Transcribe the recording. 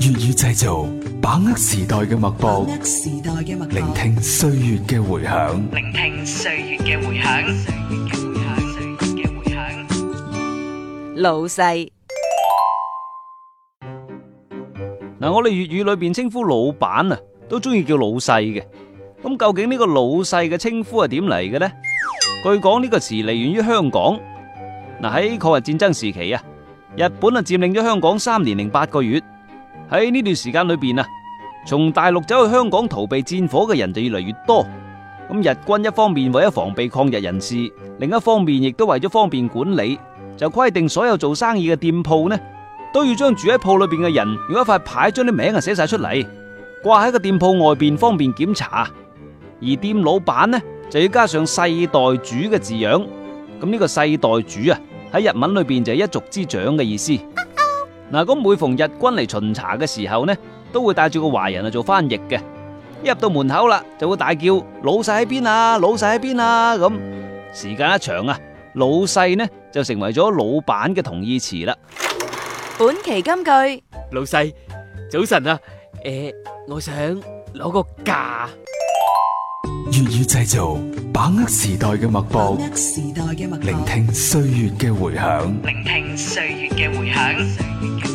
粵語製造，把握時代嘅脈搏，聆聽歲月嘅回響。聆聽歲月嘅回響，歲月嘅回響，歲月嘅回響。老細嗱，我哋粵語裏邊稱呼老闆啊，都中意叫老細嘅。咁、嗯、究竟呢個老細嘅稱呼係點嚟嘅呢？據講呢個詞嚟源於香港嗱。喺、呃、抗日戰爭時期啊，日本啊佔領咗香港三年零八個月。喺呢段時間裏邊啊，從大陸走去香港逃避戰火嘅人就越嚟越多。咁日軍一方面為咗防備抗日人士，另一方面亦都為咗方便管理，就規定所有做生意嘅店鋪呢，都要將住喺鋪裏邊嘅人用一塊牌將啲名啊寫晒出嚟，掛喺個店鋪外邊方便檢查。而店老闆呢，就要加上世代主嘅字樣。咁、這、呢個世代主啊，喺日文裏邊就係一族之長嘅意思。嗱，咁每逢日軍嚟巡查嘅時候呢，都會帶住個華人啊做翻譯嘅。一入到門口啦，就會大叫老細喺邊啊，老細喺邊啊。咁時間一長啊，老細呢就成為咗老闆嘅同義詞啦。本期金句：老細，早晨啊，誒、呃，我想攞個價。粵語製造，把握時代嘅脈搏，聆聽歲月嘅回響，聆聽歲月嘅回響。